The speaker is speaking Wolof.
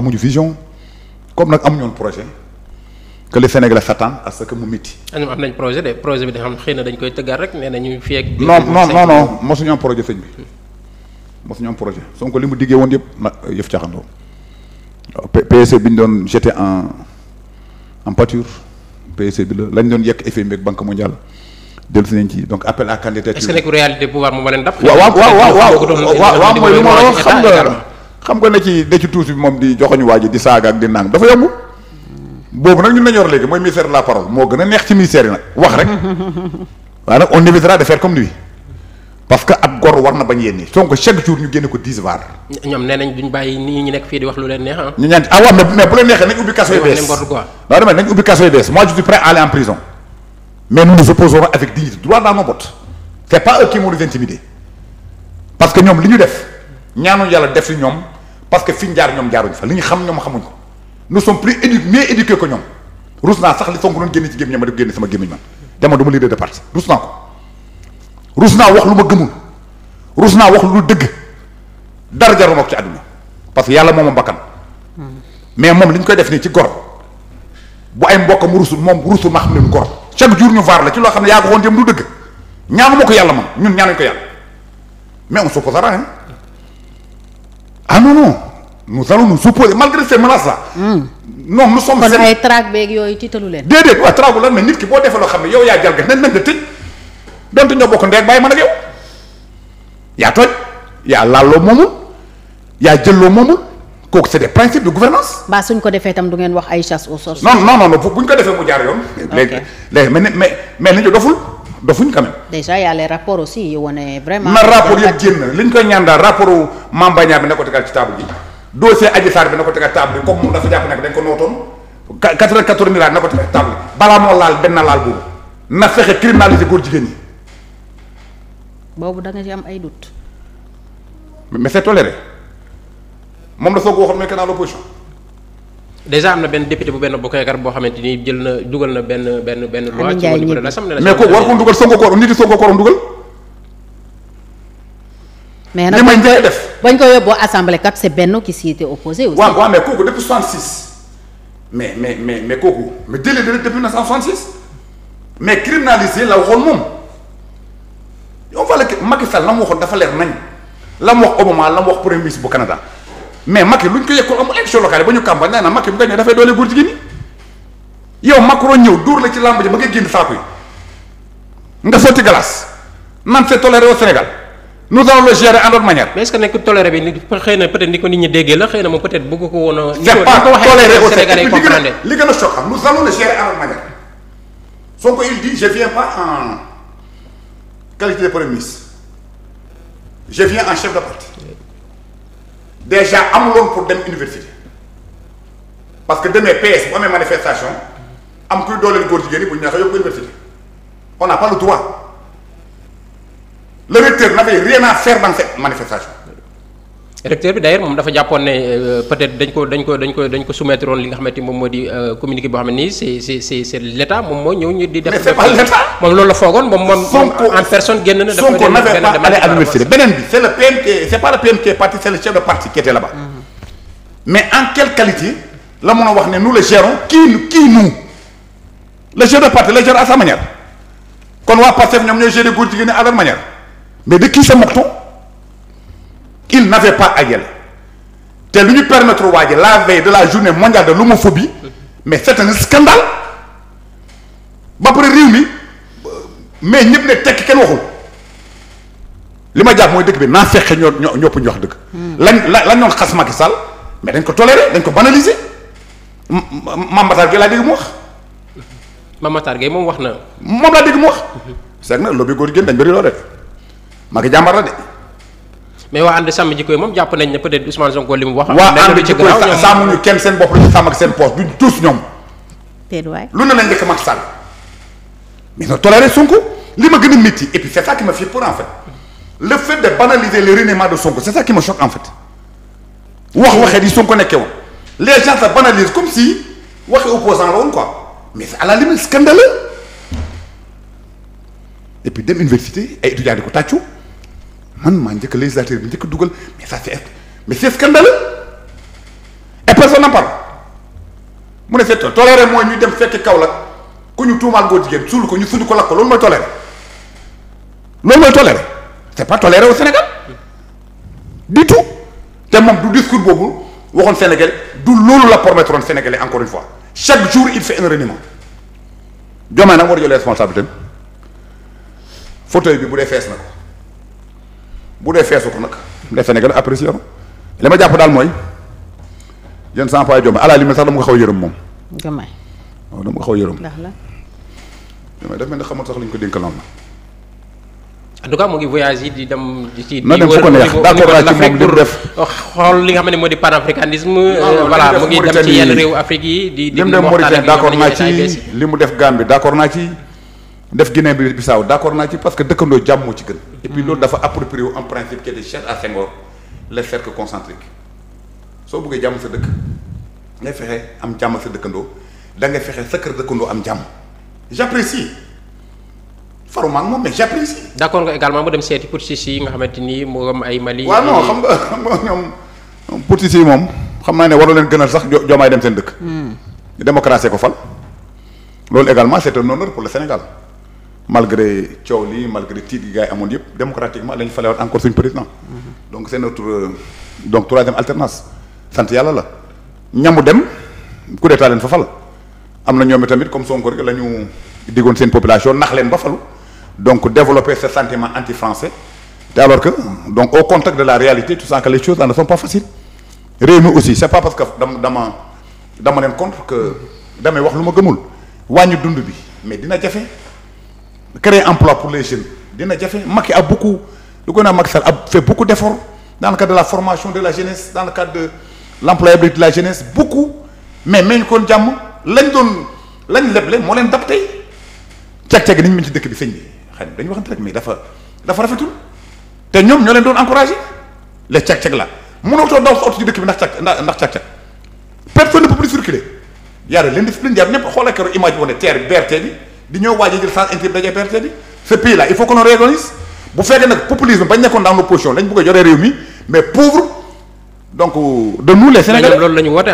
amuñu vision comme nag am woon projet que les Sénégalais s'attendent à ce que mu métti. Ah am nañ projet de projet bi nga xam xëy dañ koy tëggaat rek nee nañu fii ak. non non non non projet sëñ bi mosuñu am projet Sonko li mu diggee woon yëpp na yëf caaxandoo waaw PSE bi ñu doon jeté en en pâture PSE bi la lañ doon yekk FMI ak Banque mondiale. dellu si nañ ci donc appel à candidature. est pouvoir moom moo leen dab. waaw waaw waaw waaw waaw mooy lu ma xam xam nga ne ci ne ci tuuti bi moom di joxoñ waa ji di saaga ak di nang dafa yomb boobu nag ñun nañu léegi mooy ministère la parole moo gën a neex ci ministère yi nag wax rek waaye nag on évitera de faire comme lui parce que ab gor war na bañ yenni Sonko chaque jour ñu génne ko 10 var ñoom nee nañ duñ bàyyi nit ñi nekk fii di wax lu leen neex ah. ñu ñaan ah waaw mais mais bu leen neexee nañ ubbi kaso yu bees non dama nañ ubbi kaso yu bees moi je suis prêt à def ñaanu yàlla def si ñoom parce que fi ñu jaar ñoom jaaruñ fa li ñu xam ñoom xamuñ ko nous sommes plus édu mieux éduqués que ñoom rus naa sax li Sonko doon génn ci gémmiñ ma def génn sama gémmiñ man dama du ma leader de parti rus naa ko rus naa wax lu ma gëmul rus naa wax lu dëgg dara jaruma ko ci àdduna parce que yàlla mooma bakkan mais moom li ñu koy def nii ci gor bu ay mbokkam rusul moom rusul ma xam ne lu gor chaque jour ñu vaar la ci loo xam ne yaa ko xoon jëm du dëgg ñaanu ko yàlla man ñun ñaanuñ ko yàlla mais on s'opposera ah non non nous allons nous opposer malgré ces menaces la hmm. non nous sommes. kon ay traque beeg yooyu tiitalu leen. déedéet waaw traque la mais nit ki boo defee loo xam ne yow yaa jalgati nañ nañ la tëj donte ñoo bokk ndeeg bàyyi man ak yow yaa toj yaa laaloo moomul yaa jëlloo moomul kooku c'est des principes de gouvernance ba suñ ko defee tam du ngeen wax ay chasse aux sorcières. non non non bu ñu ko defee mu jaar yoon. ok léegi léegi mais mais mais nañu doful. dofuñ quand même. déjà y a les rapports aussi yu wane vraiment. na rapport yëpp génn li ñu koy ñaan rapport Mame bi na ko tegal ci table bi dossier Adji Sarr bi na ko tegal table bi comme moom dafa jàpp ne dañ ko nootoon quatre-vingt-quatorze milliards na ko tegal table bi balaa moo laal benn laal boobu na fexe criminaliser góor jigéen ñi. boobu da nga ci am ay doute. mais c'est moom la soog waxoon mooy canal l'opposition. déjà am na benn député bu benn bokk yaakaar boo xamante ni jël na dugal na benn benn benn loi ci au niveau de l'Assemblée nationale mais kooku war ko dugal Sonko ko nit yi Sonko ko dugal mais nag li may njëkk def bañ ko yóbboo assemblée kat c'est Benno qui s'y était opposé aussi waaw waaw mais kooku depuis 66 mais mais mais mais kooku mais jëlee dana depuis 1966 mais criminaliser la waxoon moom on va le Macky Sall la mu waxoon dafa leer nañ la mu wax Obama la mu wax premier ministre bu Canada mais Macky luñ ko yëkkul amul élection locale ba ñu campagne nee na Macky bu ñëw dafay doole góor jigéen ñi yow Macron ñëw dóor la ci làmb ji ba ngay génn saako yi nga sotti glace naan c'est toléré au Sénégal nous allons le gérer en autre manière. mais est que nekk toléré bi xëy na peut-être ni ko nit ñi déggee la xëy na moom peut-être bëgg ko woon a. ni ko waxee ko li gën a choc soo ko il dit je viens en qualité de premier ministre en chef de parti. déjà amuloon pour dem université parce que demee PS bu amee manifestation am kuy dooleel góor jigéen yi bu ñu neexee yóbbu université on pas le droit le recteur n'avait rien à faire dans manifestation recteur bi d'ailleurs moom dafa jàppoon ne euh, peut dañ ko dañ ko dañ ko dañ ko soumettre li nga xamante ni moom moo di euh, communiqué boo xam ne nii c'est c'est c'est c'est moom moo ñëw ñu di def moom loolu la foogoon moom moom en personne génn na mm-hmm. mais en quelle qualité la mën a wax ne nous le gérons kii kii nous le chef de parti le gère à sa manière kon waa Pastef ñoom ñooy gérer góor jigéen à leur manière mais de qui se moque il n'avait pas Aguelé te lu ñu permettre waa la veille de la journée mondiale de l'homophobie mais c'est un scandale ba pare réew mi mais ñëpp ne tekk kenn waxul li ma jàpp mooy dëkk bi naa fexe ñoo ñoo ñëpp ñu wax dëgg. lañ la lañ doon xas Macky mais dañ ko toléré dañ ko banaliser Mame Matar Gueye laa dégg mu wax. Mame moom wax na. moom laa dégg mu wax. c'est que nag lobby góor jigéen dañ bëri loo de Macky la de. mais waa ànd sàmm jikko yi moom jàpp nañ ne peut-être Ousmane Sonko li mu wax. waa ànd jikko yi sàmm ñu kenn seen bopp la sàmm ak seen poche duñ tous ñoom. lu ne nañ njëkk Macky mais na toléré Sonko li ma gën a métti et puis c'est m'a fait pour en fait le fait de le reniement de Sonko c'est ça qui me choque wax waxee di Sonko nekkee woon les gens la banalisent comme si waxi opposant la woon quoi mais à li limite scandaleux et puis dem université ay étudiants di man maa njëkk législateur bi njëkk dugal mais ça c'est mais c'est scandaleux et personne n'en mu ne c'est toléré mooy ñu dem fekki Kaolack ku ñu tuumaal góor jigéen suul ko ñu suñu ko lakk ko loolu mooy toléré loolu mooy toléré c'est pas toléré au Sénégal du tout te moom du discours boobu waxoon Sénégal du loolu la promettroon Sénégalais encore une fois chaque jour il fait un reniement Diomaye nag war a jël responsabilité fauteuil bi bu dee fees na bu dee feesu ko nag les Sénégalais apprécié na li ma jàpp daal mooy yéen sans poids jom alaa li ma sax dama ko xaw a yërëm moom. Diomaye. waaw dama ko xaw a yërëm. ndax la. Diomaye daf mel ne xamul sax li ñu ko dénk lan en tout cas mu ngi voyage di dem. ci di wër au niveau d' accord naa ci moom li mu def oh, xool li nga xam ne moo di panafricanisme. Euh, voilà mu ngi dem ci yenn réew Afrique yi. di di waxtaan moo yi nga xam ci li mu def Gambie d' accord naa ci. def Guinée bi Bissau d' accord naa ci parce que dëkkandoo jàmm moo ci gën. et puis loolu dafa approprié wu principe qui était cher à Senghor les cercles soo buggee jàmm sa dëkk ngay fexe am jàmm sa dëkkandoo da ngay fexe sa kër dëkkandoo am jàmm j' apprécie faruma ak moom mais j' apprécie. d' accord nga également mu dem seeti politiciens yi nga xamante ni mu am ay Mali. waaw non xam nga xam nga ñoom politiciens yi moom xam naa ne waroon leen gënal sax joomaay dem seen dëkk. Hmm. démocratie ko fal. loolu également c' est un honneur pour le malgré coow li malgré tiit gi gars yi amoon yëpp démocratiquement lañ falewaat encore suñu président donc c'est notre euh, donc troisième alternance sant yàlla la ñamu dem ku d'état leen fa am na ñoom tamit comme Sonko rek la ñu diggoon seen population nax leen ba falu donc développer ce sentiment anti-français te alors que donc au contact de la réalité tu sens que les choses ne sont pas faciles réew mi aussi c'est pas parce que dama dama dama leen contre que damay wax lu ma gëmul wàññi dund bi mais dina jafe créer emploi pour les jeunes dina jafe Macky a beaucoup lu ko naa Macky Sall a fait beaucoup d'efforts dans le de la formation de la jeunesse dans le cadre de l'employabilité de la jeunesse beaucoup mais meñ koon jàmm lañ doon lañ leble moo leen dab tey cag-cag niñ mën ci dëkk bi sëñ bi xëy na dañu waxante rek mais dafa dafa rafetul te ñoom ñoo leen doon encouragé les cag-cag la mënoo too daw sa oto dëkk bi ndax cag ndax cag-cag personne ne peut plus circuler a de l'indiscipline y a ñëpp xoolee keroog image boo ne terre BRT bi di ñëw waaj a jël sens intime dajee perte bi ce pays là il faut que l'on réorganise bu fekkee nag populisme bañ nekkoon dans l'opposition lañ bëgg a joree réew mi mais pauvre donc euh, de nous les Sénégalais loolu la ñu